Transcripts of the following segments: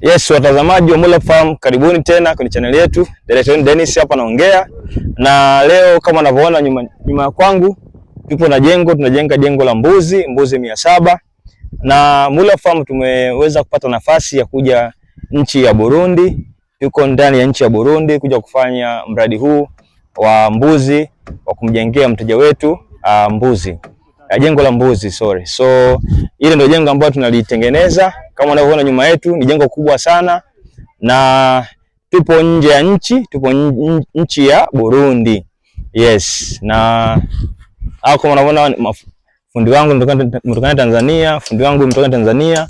Yes, watazamaji wa Mulap Farm, karibuni tena kwenye channel yetu. Director Dennis hapa naongea na leo, kama unavyoona nyuma nyuma kwangu, tupo na jengo, tunajenga jengo la mbuzi mbuzi mia saba na Mulap Farm tumeweza kupata nafasi ya kuja nchi ya Burundi, tuko ndani ya nchi ya Burundi kuja kufanya mradi huu wa mbuzi wa kumjengea mteja wetu uh, mbuzi uh, jengo la mbuzi sorry. So ile ndio jengo ambalo tunalitengeneza kama unavyoona nyuma yetu ni jengo kubwa sana, na tupo nje ya nchi, tupo nchi ya Burundi. Yes, na hapo kama unavyoona fundi wangu mtokana Tanzania, fundi wangu mtokana Tanzania,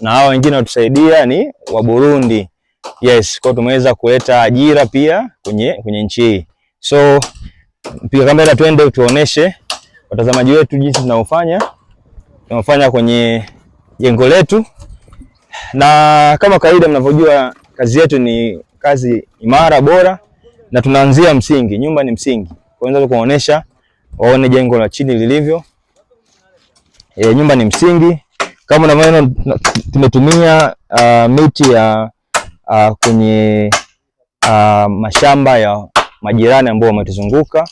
na hao wengine watusaidia ni wa Burundi. Yes, kwa tumeweza kuleta ajira pia kwenye, kwenye nchi hii. So piga kamera twende tuoneshe watazamaji wetu jinsi tunavyofanya tunafanya kwenye jengo letu. Na kama kawaida mnavyojua, kazi yetu ni kazi imara bora, na tunaanzia msingi. Nyumba ni msingi, kwanza kuonesha waone jengo la chini lilivyo. E, nyumba ni msingi kama unavyoona tumetumia uh, miti ya uh, kwenye uh, mashamba ya majirani ambao wametuzunguka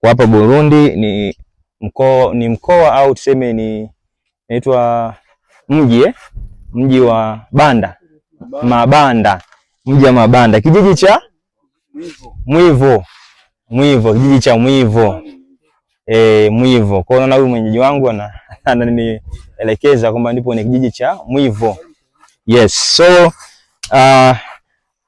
kwa hapa Burundi ni mkoa, ni mkoa au tuseme ni inaitwa mji eh? mji wa Banda, Mabanda, mji wa Mabanda, kijiji cha Mwivo, Mwivo, kijiji cha Mwivo e, Mwivo. Kwa hiyo naona huyu mwenyeji wangu ananielekeza kwamba ndipo ni kijiji cha Mwivo. Yes, so uh,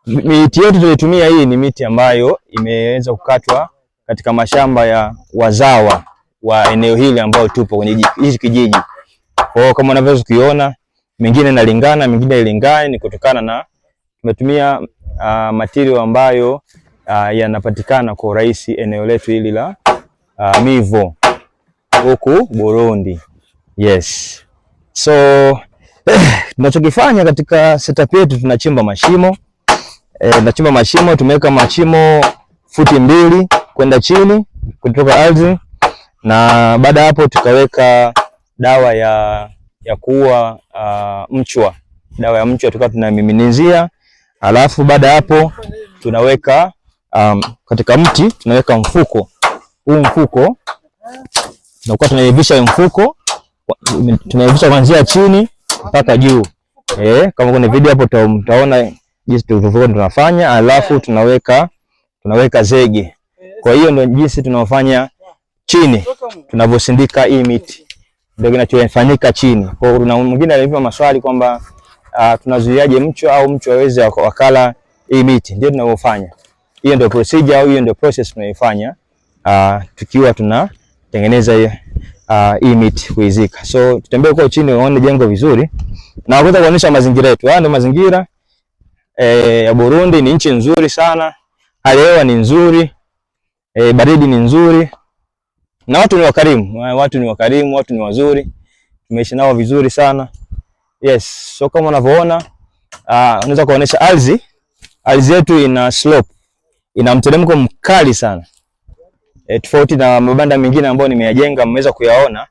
miti yetu tulitumia hii ni miti ambayo imeweza kukatwa katika mashamba ya wazawa wa eneo hili ambao tupo kwenye hiki kijiji. Kwa hiyo kama unavyoweza kuiona mingine inalingana, mingine ilingani, ni kutokana na tumetumia uh, ah, matirio ambayo uh, yanapatikana kwa urahisi eneo letu hili la uh, Mivo huku Burundi. Yes, so tunachokifanya katika setup yetu tunachimba mashimo e, tunachimba mashimo, tumeweka mashimo futi mbili kwenda chini kutoka ardhi, na baada ya hapo tukaweka dawa ya ya kuua uh, mchwa. Dawa ya mchwa tukawa tunamiminizia, alafu baada hapo tunaweka um, katika mti tunaweka mfuko huu, mfuko tunakuwa tunaivisha mfuko, tunaivisha kuanzia chini mpaka juu eh, kama kuna video hapo utaona jinsi tulivyokuwa tunafanya, alafu tunaweka tunaweka zege. Kwa hiyo ndio jinsi tunaofanya chini tunavyosindika hii miti ndio kinachofanyika chini. Kwa hiyo kuna mwingine alivyo maswali kwamba uh, tunazuiaje mchwa au mchwa aweze wakala hii miti, ndio tunavyofanya. Hiyo ndio procedure au hiyo ndio process tunaifanya uh, ah, tukiwa tunatengeneza ah, hii uh, miti kuizika. So tutembee kwa chini uone jengo vizuri na kwanza kuonyesha mazingira yetu. Haya ndio mazingira eh, ya Burundi. Ni nchi nzuri sana, hali hewa ni nzuri eh, baridi ni nzuri na watu ni wakarimu, watu ni wakarimu, watu ni wazuri, tumeishi nao vizuri sana. Yes, so kama unavyoona, uh, unaweza kuonesha ardhi, ardhi yetu ina slope, ina mteremko mkali sana e, tofauti na mabanda mengine ambayo nimeyajenga mmeweza kuyaona,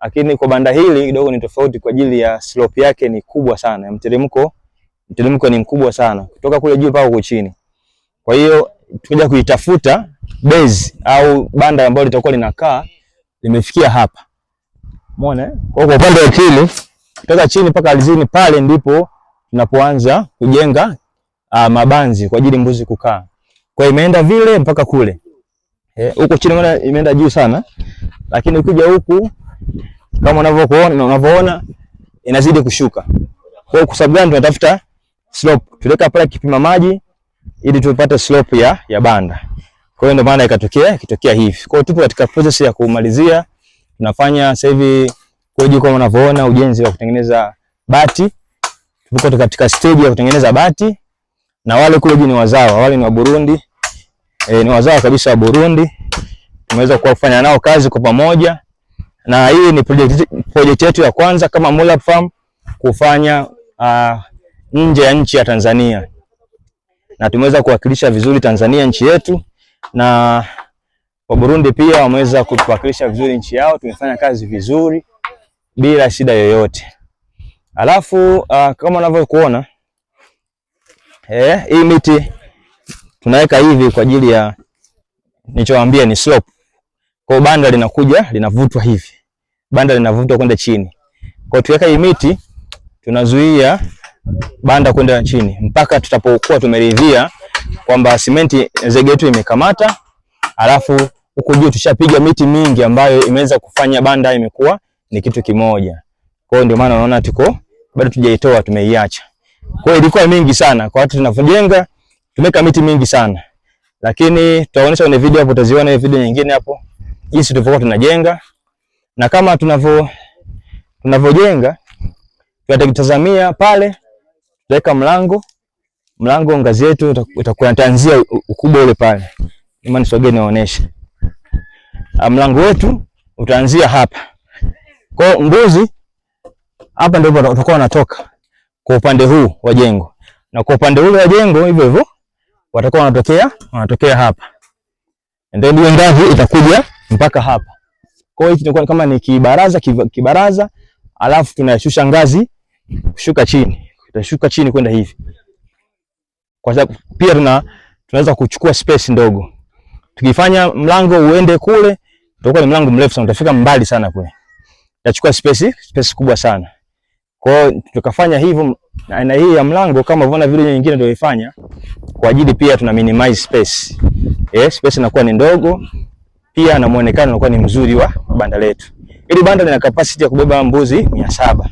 lakini kwa banda hili kidogo ni tofauti kwa ajili ya slope yake ni kubwa sana, mteremko mteremko ni mkubwa sana kutoka kule juu mpaka huko chini. Kwa hiyo tukija kuitafuta base au banda ambalo litakuwa linakaa limefikia hapa. Umeona? Kwa kwa upande wa chini kutoka chini mpaka alizini pale ndipo tunapoanza kujenga uh, mabanzi kwa ajili mbuzi kukaa. Kwa imeenda vile mpaka kule. Eh, huko chini mbona imeenda juu sana. Lakini ukija huku kama unavyoona unavyoona inazidi kushuka. Kwa hiyo kwa sababu gani tunatafuta slope? Tuleka pale kipima maji ili tupate slope ya ya banda. Kwa hiyo ndio maana ikatokea ikitokea hivi. Kwa hiyo tupo katika process ya kumalizia, tunafanya sasa hivi kwa hiyo kama unavyoona, ujenzi wa kutengeneza bati. Tupo katika stage ya kutengeneza bati, na wale kule juu ni wazawa, wale ni wa Burundi e, ni wazawa kabisa wa Burundi. Tumeweza kufanya nao kazi kwa pamoja, na hii ni project project yetu ya kwanza kama Mulap Farm kufanya uh, nje ya nchi ya Tanzania, na tumeweza kuwakilisha vizuri Tanzania nchi yetu na wa Burundi pia wameweza kutuwakilisha vizuri nchi yao, tumefanya kazi vizuri bila shida yoyote. Alafu uh, kama unavyokuona eh, hii miti tunaweka hivi kwa ajili ya nilichowaambia ni slope. Kwa banda linakuja linavutwa hivi, banda linavutwa kwenda chini. Kwa tuweka hii miti tunazuia banda kwenda chini mpaka tutapokuwa tumeridhia kwamba simenti zege yetu imekamata, alafu huku juu tushapiga miti mingi ambayo imeweza kufanya banda imekuwa ni kitu kimoja. Kwa hiyo ndio maana unaona tuko bado tujaitoa, tumeiacha. Kwa hiyo ilikuwa mingi sana kwa watu tunavyojenga, tumeka miti mingi sana, lakini tutaonyesha kwenye video hapo, utaziona hiyo video nyingine hapo, jinsi tulivyokuwa tunajenga na kama tunavyo tunavyojenga, tutatazamia pale, tutaweka mlango mlango wa ngazi yetu utakuwa itaanzia ukubwa ule pale. Ima nisogee niwaoneshe. Ah, mlango wetu utaanzia hapa. Kwa mbuzi hapa ndipo watakuwa wanatoka kwa upande huu wa jengo. Na kwa upande ule wa jengo hivyo hivyo watakuwa wanatokea wanatokea hapa. Ndio hiyo ngazi itakuja mpaka hapa. Kwa hiyo itakuwa kama ni kibaraza kibaraza, alafu tunashusha ngazi kushuka chini. Tutashuka chini kwenda hivi kwa sababu pia tuna tunaweza kuchukua space ndogo. Tukifanya mlango uende kule, utakuwa ni mlango mrefu sana, utafika mbali sana kule, utachukua space space kubwa sana. Kwa hiyo tukafanya hivyo, aina hii ya mlango kama vile vile nyingine ndio ifanya kwa ajili pia tuna minimize space. Eh, space inakuwa ni ndogo pia na muonekano unakuwa ni mzuri wa banda letu. Hili banda lina capacity ya kubeba mbuzi 700.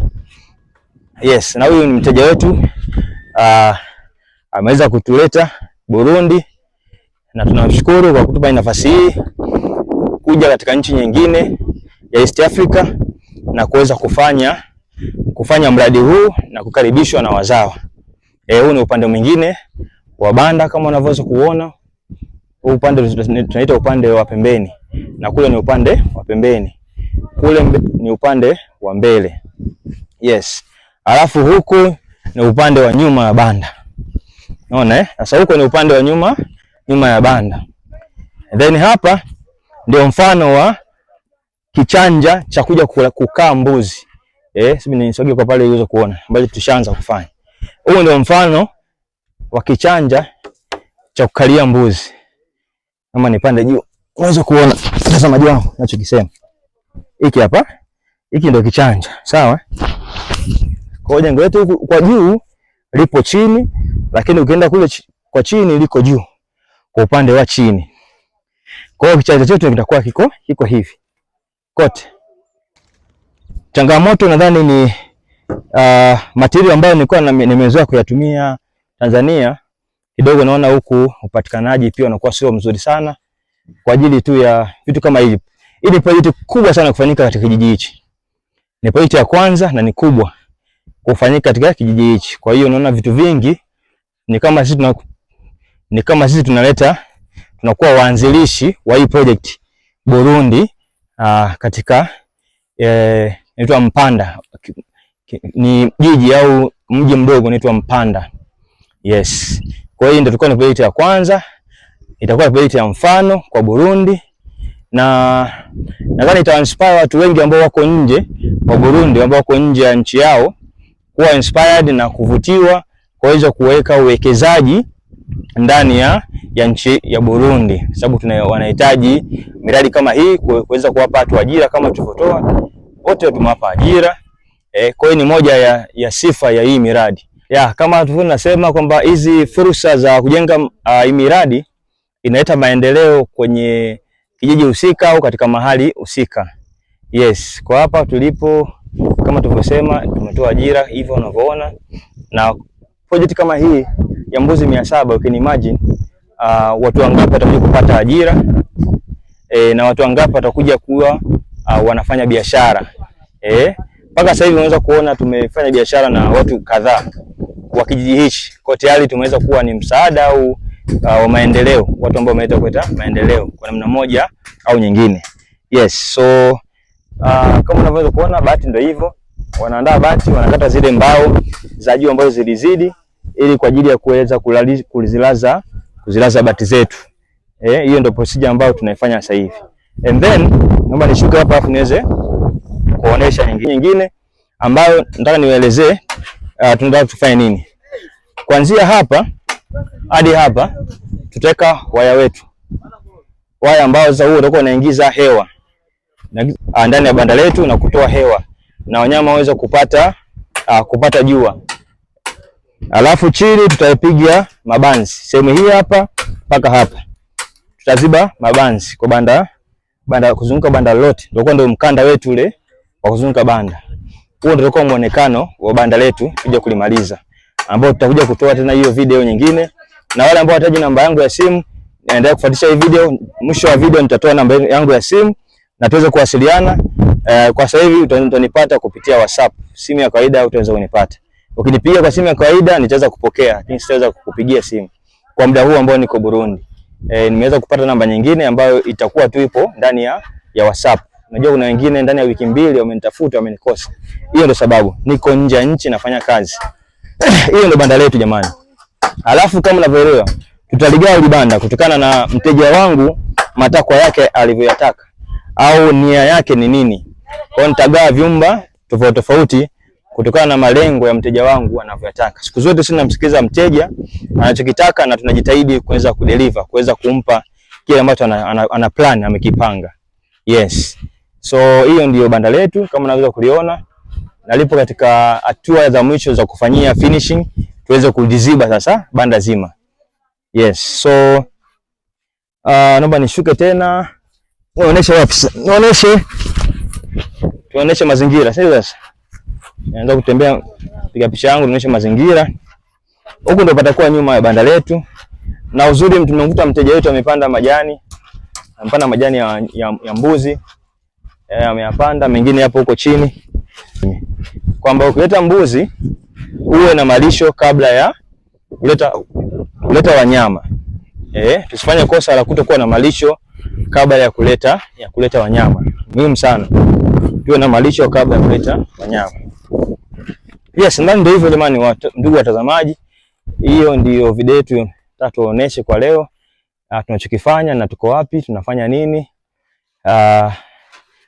Yes, na huyu ni mteja wetu. Ah Uh, ameweza kutuleta Burundi na tunamshukuru kwa kutupa nafasi hii kuja katika nchi nyingine ya East Africa na kuweza kufanya kufanya mradi huu na kukaribishwa na wazawa. E, huu ni upande mwingine wa banda kama unavyoweza kuona. Huu upande tunaita upande wa pembeni na kule ni upande wa pembeni, kule mbe, ni upande wa mbele. Yes, alafu huku ni upande wa nyuma ya banda. Unaona eh? Sasa huko ni upande wa nyuma, nyuma ya banda. And Then hapa ndio mfano wa kichanja cha kuja kukaa mbuzi. Eh, sisi nisogee kwa pale uweze kuona. Bali tushaanza kufanya. Huo ndio mfano wa kichanja cha kukalia mbuzi. Kama nipande juu, unaweza kuona mtazamaji wangu ninachokisema. Hiki hapa, hiki ndio kichanja, sawa? Kwa jengo letu kwa juu lipo chini, lakini ukienda kule ch kwa chini liko juu kwa upande wa chini. Kwa hiyo kichanja chetu kitakuwa kiko kiko hivi kote. Changamoto nadhani ni uh, material ambayo nilikuwa nimezoea kuyatumia Tanzania, kidogo naona huku upatikanaji pia unakuwa sio mzuri sana kwa ajili tu ya vitu kama hivi. Hii ni project kubwa sana kufanyika katika kijiji hichi. Ni project ya kwanza na ni kubwa kufanyika katika kijiji hichi. Kwa hiyo unaona vitu vingi ni kama sisi tuna, ni kama sisi tunaleta tunakuwa waanzilishi wa hii project Burundi aa, ah, katika eh, inaitwa Mpanda ni jiji au mji mdogo unaitwa Mpanda. Yes. Kwa hiyo ndio tulikuwa ni project ya kwanza, itakuwa project ya mfano kwa Burundi na nadhani ita inspire watu wengi ambao wako nje wa Burundi ambao wako nje ya nchi yao kuwa inspired na kuvutiwa kuweza kuweka uwekezaji ndani ya, ya nchi ya Burundi, sababu tuna wanahitaji miradi kama hii kuweza kuwapa watu ajira kama tulivyotoa wote tumewapa ajira e, kwa hiyo ni moja ya, ya sifa ya hii miradi ya, kama tulivyo nasema kwamba hizi fursa za kujenga uh, hii miradi inaleta maendeleo kwenye kijiji husika au katika mahali husika. Yes, kwa hapa tulipo kama tulivyosema wametoa ajira hivyo unavyoona, na project kama hii ya mbuzi mia saba ukini imagine uh, watu wangapi watakuja kupata ajira e, na watu wangapi watakuja kuwa uh, wanafanya biashara e. mpaka sasa hivi unaweza kuona tumefanya biashara na watu kadhaa wa kijiji hichi, kwa tayari tumeweza kuwa ni msaada au uh, wa maendeleo, watu ambao wameleta kuleta maendeleo kwa namna moja au nyingine. Yes, so uh, kama unavyoweza kuona bahati ndio hivyo wanaandaa bati, wanakata zile mbao za juu ambazo zilizidi, ili kwa ajili ya kuweza kuzilaza kuzilaza bati zetu. Eh, hiyo ndio procedure ambayo tunaifanya sasa hivi. And then naomba nishuke hapa afu niweze kuonesha nyingine nyingine ambayo nataka niwaelezee uh, tunataka tufanye nini. Kuanzia hapa hadi hapa tutaweka waya wetu. Waya ambao sasa huo utakuwa unaingiza hewa uh, ndani ya banda letu na kutoa hewa na wanyama waweze kupata uh, kupata jua. Alafu chini tutapiga mabanzi sehemu hii hapa mpaka hapa, tutaziba mabanzi kwa banda banda, kuzunguka banda lote, ndio ndio mkanda wetu ule wa kuzunguka banda. Huo ndio kwa muonekano wa banda letu kuja kulimaliza, ambao tutakuja kutoa tena hiyo video nyingine, na wale ambao wataji namba yangu ya simu naendelea kufuatisha hii video. Mwisho wa video nitatoa namba yangu ya simu na tuweze kuwasiliana. Uh, kwa sasa hivi utanipata kupitia WhatsApp, simu ya kawaida utaweza kunipata. Ukinipiga kwa simu ya kawaida nitaweza kupokea, lakini sitaweza kukupigia simu kwa muda huu ambao niko Burundi. Eh, nimeweza kupata namba nyingine ambayo itakuwa tu ipo ndani ya, ya WhatsApp. Unajua kuna wengine ndani ya wiki mbili wamenitafuta wamenikosa. Hiyo ndio sababu niko nje ya nchi nafanya kazi. Hiyo ndio banda letu jamani. Alafu kama unavyoelewa, tutaligawa hili banda kutokana na mteja wangu matakwa yake alivyoyataka au nia yake ni nini. Kwa nitagawa vyumba tofauti tofauti kutokana na malengo ya mteja wangu anavyotaka. Siku zote sisi tunamsikiliza mteja anachokitaka na tunajitahidi kuweza kudeliver, kuweza kumpa kile ambacho ana, ana, ana plan amekipanga. Yes. So hiyo ndiyo banda letu kama unaweza kuliona. Na lipo katika hatua za mwisho za kufanyia finishing tuweze kuliziba sasa banda zima. Yes. So uh, naomba nishuke tena. Nionyeshe wapi? Nionyeshe tuoneshe mazingira, sio sasa. Naanza kutembea piga picha yangu tuoneshe mazingira. Huko ndo patakuwa nyuma ya banda letu. Na uzuri tumemkuta mteja wetu amepanda majani. Amepanda majani ya, ya, ya mbuzi. Eh, ameyapanda mengine yapo huko chini. Kwamba ukileta mbuzi uwe na malisho kabla ya kuleta kuleta wanyama. Eh, tusifanye kosa la kutokuwa na malisho kabla ya kuleta ya kuleta wanyama muhimu sana, tuwe na malisho kabla ya kuleta wanyama. Pia sindani ndio hivyo jamani, ndugu watazamaji, hiyo ndio video yetu tatuoneshe kwa leo ah, tunachokifanya na tuko wapi, tunafanya nini. Ah,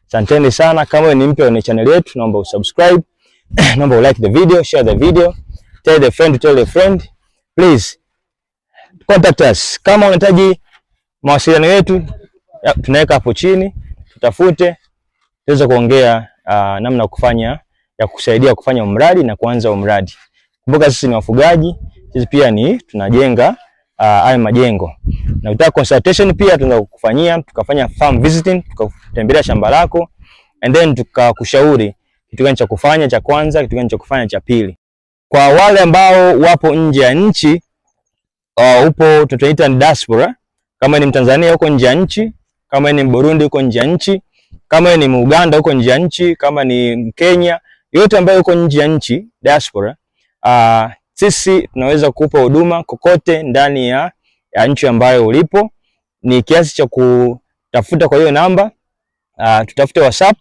asanteni uh, sana. Kama wewe ni mpya kwenye channel yetu, naomba usubscribe, naomba ulike the video, share the video, tell the friend tell the friend, please contact us. Kama unahitaji mawasiliano yetu tunaweka hapo chini tutafute tuweze kuongea uh, namna kufanya ya kusaidia kufanya mradi na kuanza mradi. Kumbuka sisi ni wafugaji, sisi pia ni tunajenga ah, haya uh, majengo. Na utaka consultation pia tunaweza kukufanyia, tukafanya farm visiting, tukatembelea shamba lako and then tukakushauri kitu gani cha kufanya cha kwanza, kitu gani cha kufanya cha pili. Kwa wale ambao wapo nje ya nchi uh, upo tunaita diaspora, kama ni Mtanzania huko nje ya nchi kama ni Burundi huko nje ya nchi, kama ni Uganda huko nje ya nchi, kama ni Kenya yote ambayo uko nje ya nchi diaspora, uh, sisi tunaweza kukupa huduma kokote ndani ya, ya nchi ambayo ulipo. Ni kiasi cha kutafuta kwa hiyo namba uh, tutafute WhatsApp,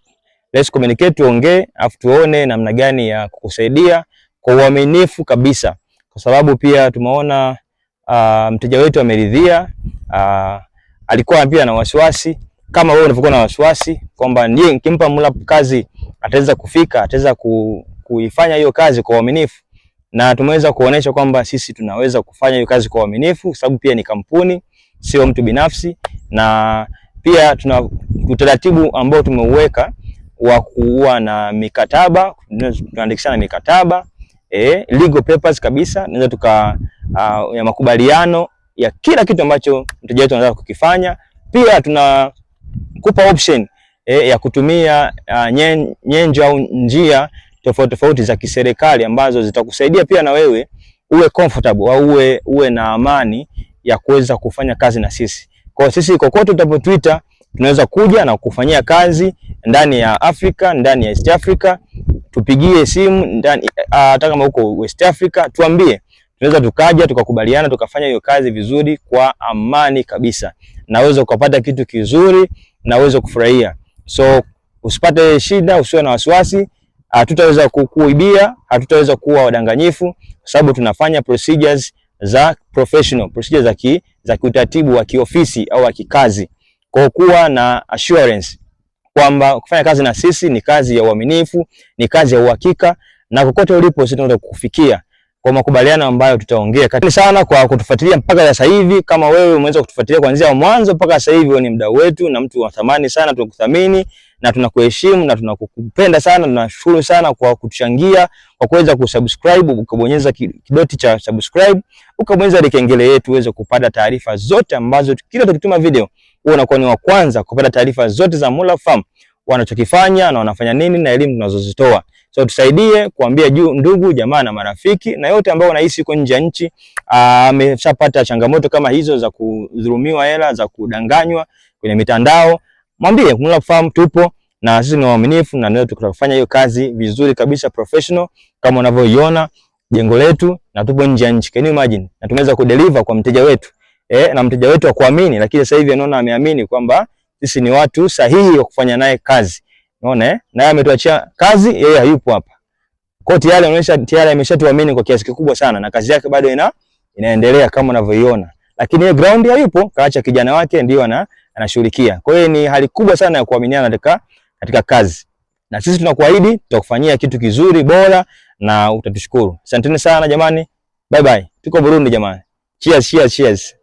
let's communicate, tuongee afu tuone namna gani ya kukusaidia kwa uaminifu kabisa, kwa sababu pia tumeona uh, mteja wetu ameridhia uh, alikuwa pia na wasiwasi kama wewe unavyokuwa na wasiwasi kwamba ndiye nikimpa Mulap kazi ataweza kufika, ataweza ku, kuifanya hiyo kazi kwa uaminifu, na tumeweza kuonesha kwamba sisi tunaweza kufanya hiyo kazi kwa uaminifu, sababu pia ni kampuni, sio mtu binafsi, na pia tuna utaratibu ambao tumeuweka wa kuwa na mikataba, tunaandikishana mikataba eh, legal papers kabisa, naweza tuka uh, ya makubaliano ya kila kitu ambacho mteja wetu anataka kukifanya. Pia tunakupa option eh, ya kutumia uh, nyen, nyenjo au njia tofauti tofauti za kiserikali ambazo zitakusaidia pia na wewe uwe comfortable au uwe, uwe na amani ya kuweza kufanya kazi na sisi. Kwa sisi kokote utapotwita tunaweza kuja na kufanyia kazi ndani ya Afrika, ndani ya East Africa, tupigie simu ndani ah, hata kama huko West Africa, tuambie tunaweza tukaja tukakubaliana tukafanya hiyo kazi vizuri kwa amani kabisa, na uweze ukapata kitu kizuri na uweze kufurahia. So usipate shida, usiwe na wasiwasi. Hatutaweza kukuibia, hatutaweza kuwa wadanganyifu, kwa sababu tunafanya procedures za professional, procedures za ki, za kiutaratibu wa kiofisi au wa kikazi, kwa kuwa na assurance kwamba kufanya kazi na sisi ni kazi ya uaminifu, ni kazi ya uhakika, na kokote ulipo sisi tunataka kukufikia kwa makubaliano ambayo tutaongea. Asante sana kwa kutufuatilia mpaka sasa hivi. Kama wewe umeweza kutufuatilia kuanzia mwanzo mpaka sasa hivi, wewe ni mdau wetu na mtu wa thamani sana. Tunakuthamini na tunakuheshimu na tunakupenda sana. Tunashukuru sana kwa kutuchangia kwa kuweza kusubscribe, ukabonyeza kidoti cha subscribe, ukabonyeza ile kengele yetu uweze kupata taarifa zote ambazo kila tukituma video wewe unakuwa ni wa kwanza kupata taarifa zote za Mula Farm wanachokifanya na wanafanya nini na elimu tunazozitoa. So tusaidie kuambia juu ndugu jamaa na marafiki na yote ambao unahisi uko nje ya nchi ah, ameshapata changamoto kama hizo za kudhulumiwa hela, za kudanganywa kwenye mitandao, mwambie unafahamu tupo na sisi ni waaminifu na ndio tutakufanya hiyo kazi vizuri kabisa professional kama unavyoiona jengo letu na tupo nje ya nchi. Can you imagine? Na tumeweza kudeliver kwa mteja wetu. Eh, na mteja wetu akuamini, lakini sasa hivi anaona ameamini kwamba sisi ni watu sahihi wa kufanya naye kazi. Unaona eh? Naye ametuachia kazi, yeye hayupo hapa. Kwa hiyo tayari anaonyesha tayari ameshatuamini kwa kiasi kikubwa sana na kazi yake bado ina inaendelea kama unavyoiona. Lakini yeye ground hayupo, kaacha kijana wake ndio ana anashughulikia. Kwa hiyo ni hali kubwa sana ya kuaminiana katika katika kazi. Na sisi tunakuahidi tutakufanyia kitu kizuri bora na utatushukuru. Asanteni sana jamani. Bye bye. Tuko Burundi jamani. Cheers, cheers, cheers.